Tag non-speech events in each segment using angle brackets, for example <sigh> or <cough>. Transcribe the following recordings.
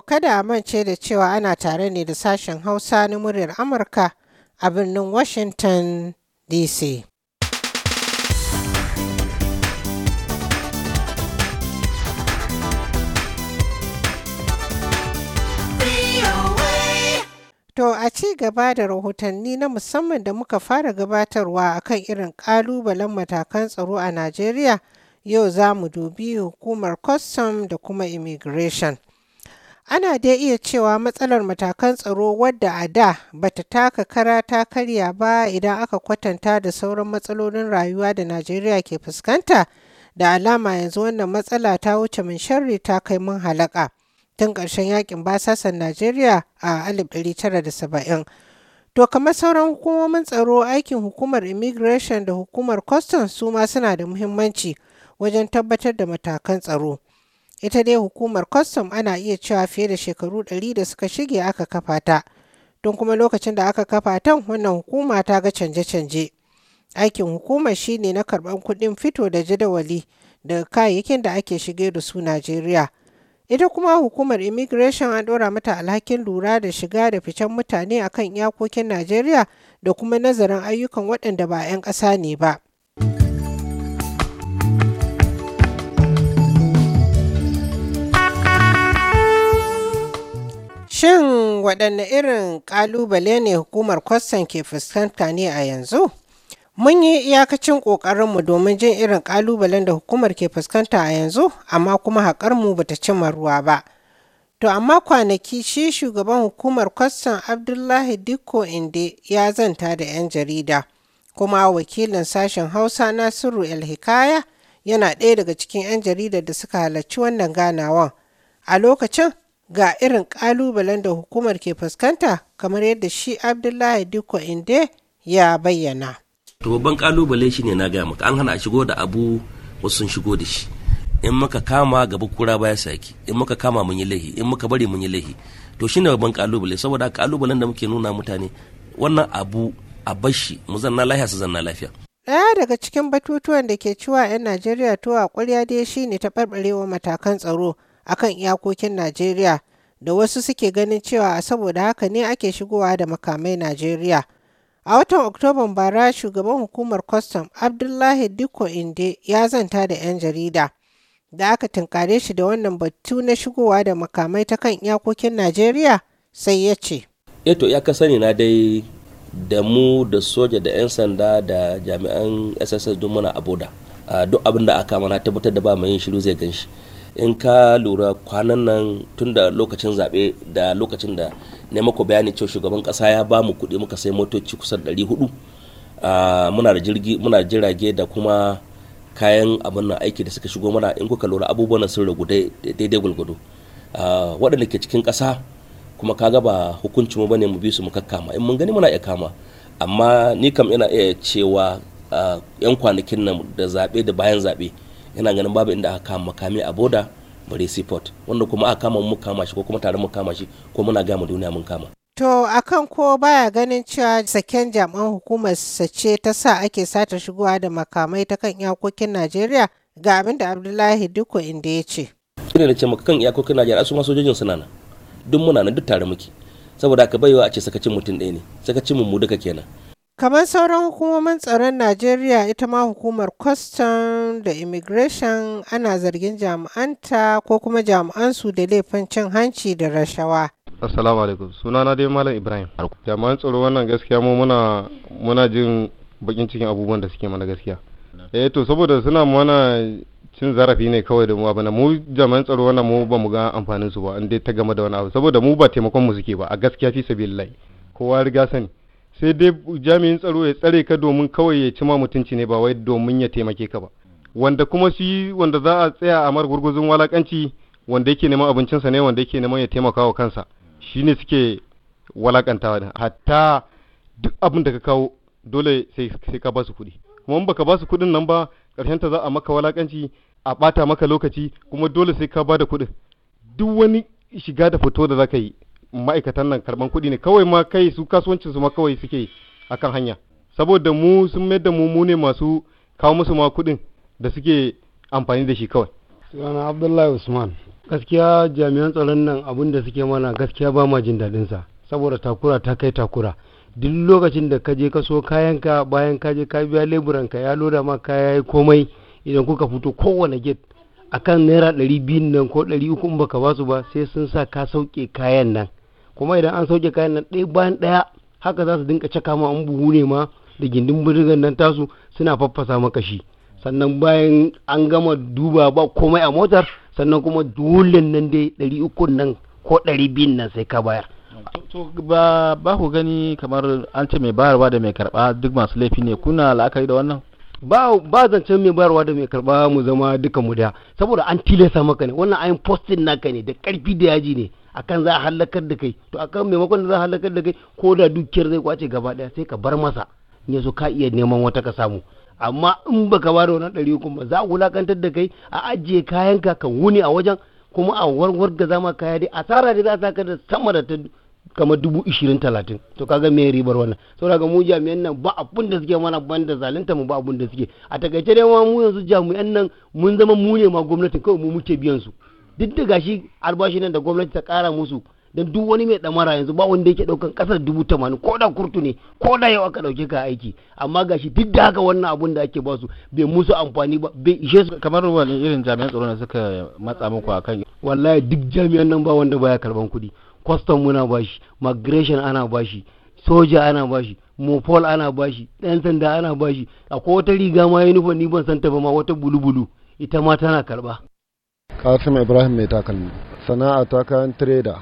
kada a mance da cewa ana tare ne da sashen Hausa na muryar Amurka a birnin Washington DC. To a ci gaba da rahotanni na musamman da muka fara gabatarwa a kan irin ƙalubalen matakan tsaro a Najeriya, yau za mu dubi hukumar custom da kuma immigration. Ana dai iya cewa matsalar matakan tsaro wadda a da bata taka kara ta karya ba idan aka kwatanta da sauran matsalolin rayuwa da Najeriya ke fuskanta, da alama yanzu wannan matsala ta wuce min sharri ta kai mun halaka. Tun ƙarshen yakin basasan Najeriya a 1970. To kamar sauran hukumomin tsaro aikin hukumar immigration da hukumar customs su ma suna da muhimmanci wajen tabbatar da matakan tsaro. Ita dai hukumar kwastam ana iya cewa fiye da shekaru ɗari da suka shige aka kafa ta, don kuma lokacin da aka kafa ta wannan hukuma ta ga canje-canje. Aikin hukumar shine na karɓar kuɗin fito da jadawali daga kayayyakin da ake shige da su Najeriya. Ita kuma hukumar Immigration an ɗora mata alhakin lura da shiga da ficen mutane akan iyakokin Najeriya da kuma nazarin ayyukan waɗanda ba 'yan ƙasa ne ba. Shin waɗanne irin ƙalubale ne hukumar kwastan ke fuskanta ne a yanzu? Mun yi iyakacin ƙoƙarinmu domin jin irin ƙalubalen da hukumar ke fuskanta a yanzu, amma kuma haƙarmu bata cimma ruwa ba. To amma kwanaki shi shugaban hukumar kwastan Abdullahi Dikko Inde ya zanta da 'yan jarida, kuma wakilin sashen Hausa Nasiru El-Hikaya yana ɗaya daga cikin 'yan jaridar da suka halarci wannan ganawan. A lokacin ga irin ƙalubalen da hukumar ke fuskanta kamar yadda shi Abdullahi Dikko Inde ya bayyana. To babban ƙalubale shi ne na gaya maka an hana a shigo da abu wasu sun shigo da shi. In muka kama gaba kura baya saki in muka kama mun yi laifi, in muka bari mun yi laifi, to shi ne babban ƙalubale saboda ƙalubalen da muke nuna mutane wannan abu a bashi mu zanna lafiya su zanna lafiya. Ɗaya daga cikin batutuwan da ke ciwa 'yan Najeriya tuwa kwarya dai shi ne taɓarɓarewa matakan tsaro akan iyakokin Najeriya da wasu suke ganin cewa saboda haka ne ake shigowa da makamai Najeriya. A watan Oktoban bara shugaban hukumar kwastam Abdullahi diko Inde ya zanta da 'yan jarida da aka tunkare shi da wannan batu na shigowa da makamai ta kan iyakokin Najeriya sai ya ce. Eto eh ya ka sani na dai da mu da soja da 'yan sanda da jami'an SSS duk muna aboda. Ah, duk abin da aka mana tabbatar da ba mai yin shiru zai gan shi. in ka lura kwanan nan tun da lokacin zaɓe da lokacin da ne mako bayani cewa shugaban ƙasa ya ba mu kuɗi muka sai motoci kusa 400 muna da muna jirage da kuma kayan abin nan aiki da suka shigo mana in kuka lura abubuwan sun ragu daidai gulgudu waɗanda ke cikin ƙasa kuma ka ba hukuncinmu ba ne mu bi su mu kakkama in mun gani muna iya kama amma ni kam ina iya cewa yan kwanakin nan da zaɓe da bayan zaɓe yana ganin babu inda aka kama makami a boda bare seaport wanda kuma aka kama mu kama shi ko kuma tare mu kama shi ko muna gama duniya mun kama To akan ko baya ganin cewa saken jami'an hukumar sace ta sa ake sata shigowa da makamai ta kan iyakokin Najeriya ga abin da Abdullahi Diko inda ya ce. Ina da ce maka kan iyakokin Najeriya su ma sojojin suna nan. Duk muna nan duk tare muke. Saboda ka baiwa a ce sakacin mutum ɗaya ne. Sakacin mu duka kenan. Kamar sauran hukumomin tsaron Najeriya ita ma hukumar kwastam da immigration ana zargin jami'anta ko kuma jami'ansu da laifin cin hanci da rashawa. Assalamu alaikum sunana dai Malam Ibrahim. Jami'an tsaro wannan gaskiya mu muna muna jin bakin cikin abubuwan da suke mana gaskiya. Eh to saboda suna mana cin zarafi ne kawai da mu abana mu jami'an tsaro wannan mu ba mu ga amfanin su ba in dai ta game da wani abu saboda mu ba taimakon mu suke ba a gaskiya fi sabilillahi kowa riga sani. sai dai jami'in tsaro ya tsare ka domin kawai ya cima mutunci ne ba wai domin ya taimake ka ba wanda kuma shi wanda za a tsaya a mar gurgurzun walakanci wanda yake neman abincinsa ne wanda yake neman ya taimaka wa kansa shine suke walakanta hatta duk abin da ka kawo dole sai ka ba su kuɗi kuma in baka ba su kuɗin nan ba ƙarshen ta za a maka walakanci a ɓata maka lokaci kuma dole sai ka ba da kuɗin duk wani shiga da fito da za ka yi ma'aikatan nan karban kuɗi ne kawai ma kai su kasuwancin su ma kawai suke akan hanya saboda mu sun mayar da mu mu ne masu kawo musu ma kuɗin da suke amfani da shi kawai sunana abdullahi usman gaskiya jami'an tsaron nan abin da suke mana gaskiya ba ma jin daɗin sa saboda takura ta kai takura duk lokacin da ka je ka so ka bayan ka je ka biya leburan ka ya loda ma ka yayi komai idan kuka fito kowane gate akan naira ɗari biyu nan ko ɗari uku in baka basu ba sai sun sa ka sauke kayan nan kuma idan an sauke kayan nan ɗaya bayan ɗaya haka za su dinka caka ma an buhu ne ma da gindin bindigan nan tasu suna faffasa maka shi sannan bayan an gama duba ba komai a motar sannan kuma dole nan dai ɗari uku nan ko ɗari biyun nan sai ka bayar to ba ku gani kamar an ce mai bayarwa da mai karɓa duk masu laifi ne kuna la'akari da wannan ba ba zancen mai bayarwa da mai karba mu zama duka mu da saboda an tilasta maka ne wannan ayin postin naka ne da karfi da yaji ne akan za a halakar da kai to akan maimakon da za a halakar da kai ko da dukiyar zai kwace gaba daya sai ka bar masa in yaso ka iya neman wata ka samu amma in baka ba da wannan ɗari hukun ba za a wulakantar da kai a ajiye kayanka ka wuni a wajen kuma a warwar ga zama kaya dai asara da za a saka da sama da ta kamar dubu ishirin talatin to kaga me ribar wannan saboda mu jami'an nan ba abun da suke mana ban da zalunta mu ba abun da suke a takaice dai mu yanzu jami'an nan mun zama mu ne ma gwamnatin kawai mu muke biyan su duk da gashi albashi nan da gwamnati ta kara musu dan duk wani mai damara yanzu ba wanda yake daukan kasar dubu tamanin ko da kurtu ne ko da yau aka dauke ka aiki amma gashi duk da haka wannan abun da ake ba su bai musu amfani ba bai ishe su kamar wani irin jami'an tsaro ne suka matsa muku akan wallahi duk jami'an nan ba wanda baya karban kuɗi kwastom muna bashi migration ana bashi soja ana bashi mopol ana bashi ɗan sanda ana bashi akwai wata riga ma yunifon ni ban santa ba ma wata bulu-bulu ita ma tana karɓa kasim ibrahim mai takalmi sana'a ta kayan trader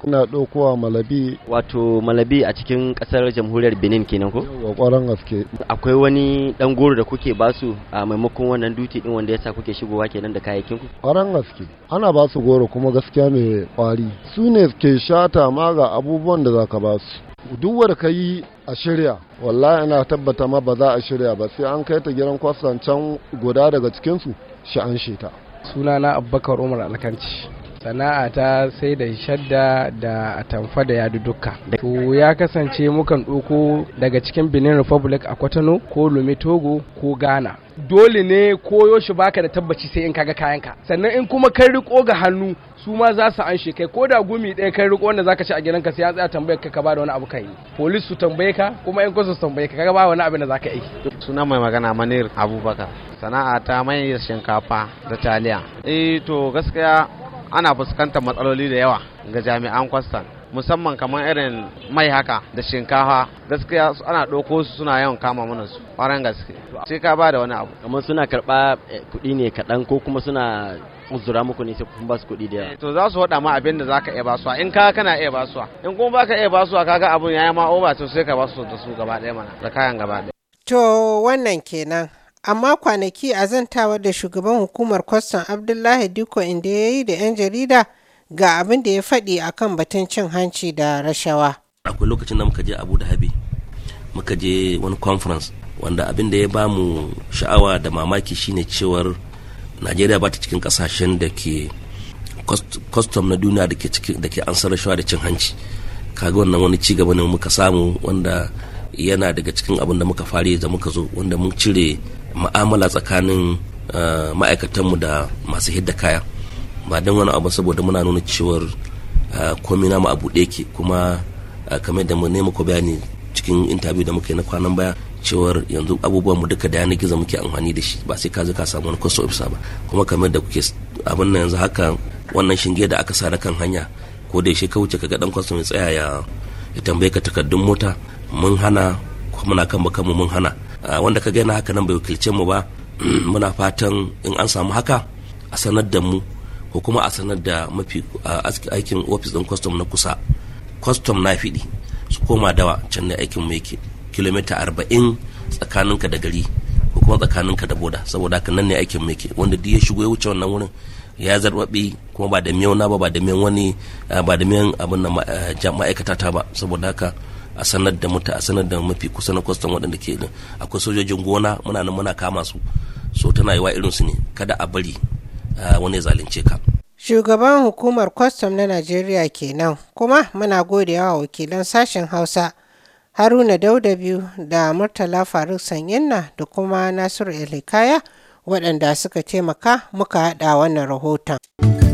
kuna ɗaukowa malabi wato malabi a cikin ƙasar jamhuriyar benin kenan ko yawwa ƙwaron gaske akwai wani ɗan goro da kuke basu a maimakon wannan duti ɗin wanda yasa kuke shigowa kenan da kayayyakin ku ƙwaron gaske ana basu goro kuma gaskiya mai ƙwari su ne ke shata ma ga abubuwan da zaka ba su duk wanda ka yi a shirya wallahi ina tabbata ma ba za a shirya ba sai an kai ta gidan kwastan can guda daga cikinsu sha'an sheta sunana abubakar umar alkanci sana'a ta sai da shadda da atamfa da yadu duka. to ya kasance mukan ɗauko daga cikin benin republic a kwatano ko lumi togo ko ghana dole ne koyo shi baka da tabbaci sai in kaga kayanka sannan in kuma kai riko ga hannu su ma za su anshe kai ko da gumi ɗaya kai riko wanda zaka ci a gidanka sai ya tsaya tambayar ka ka ba da wani abu kai polis su tambaye ka kuma in kwasu su tambaye ka kaga ba wani abin da zaka yi suna mai magana manir abubakar sana'a ta mai shinkafa da taliya eh to gaskiya ana fuskantar matsaloli da yawa ga jami'an kwastan musamman kamar irin mai haka da shinkafa gaskiya ana ɗauko su suna yawan kama mana su ƙwarar gaske sai ka ba da wani abu kamar suna karɓa eh, kuɗi ne kaɗan ko kuma suna uzura muku ne sai kun ba su kuɗi da yawa eh, to za su haɗa ma abin da ka iya basuwa in ka kana iya basuwa in kuma baka iya basuwa kaga abun yayi ma'o ba to sai ka basu da su gaba ɗaya mana da kayan gaba ɗaya to wannan kenan amma kwanaki a zantawa da shugaban hukumar kwastam abdullahi diko inda ya yi da 'yan jarida ga abin da ya faɗi a kan batun cin hanci da rashawa akwai lokacin da muka je abu da habi muka je wani conference wanda abin da ya ba mu sha'awa da mamaki shine cewar najeriya ba ta cikin kasashen da ke kwastam na duniya da ke ansar rashawa da cin hanci kaga wannan wani ci gaba ne muka samu wanda yana daga cikin abin da muka fari da muka zo wanda mun cire ma'amala tsakanin eh, ma'aikatanmu da masu hidda kaya ba don wani abu saboda muna nuna cewar eh, komi na mu abu ke kuma eh, kamar da mu nema ko bayani cikin interview da muka yi na kwanan baya cewar yanzu abubuwan mu duka da yanar gizo muke amfani da shi ba sai ka zo ka samu wani kwasto ofisa ba kuma kamar da kuke abin nan yanzu haka wannan shinge da aka sa na kan hanya ko da shi ka wuce ka ga dan kwasto mai tsaya ya tambaye ka takardun mota mun hana kuma na kan mu mun hana Ah, wanda ka gaina haka nan bai wakilce mu ba <clears throat> muna fatan in an samu haka a sanar da mu ko kuma a sanar da mafi ah, aikin ofis din kwastom na kusa kwastom na fiɗi su koma dawa can ne aikin mu yake kilomita arba'in tsakaninka da gari ko kuma tsakaninka da boda saboda haka nan ne aikin mu yake wanda duk ya shigo ya wuce wannan wurin ya zarbabi kuma ba da miyau na ba ba da miyan wani ah, ba da miyan abin ma'aikata ta ba saboda haka a sanar da muta a sanar da mafi kusa na kwastan waɗanda ke akwai sojojin gona muna nan muna kama su so tana yi wa irinsu ne kada a bari wani ya zalunce ka. Shugaban hukumar kwastam na Najeriya kenan kuma muna gode wa wakilan sashen Hausa Haruna Dauda biyu da Murtala Faruk Sanyinna da kuma Nasiru Elikaya waɗanda suka taimaka muka haɗa wannan rahoton.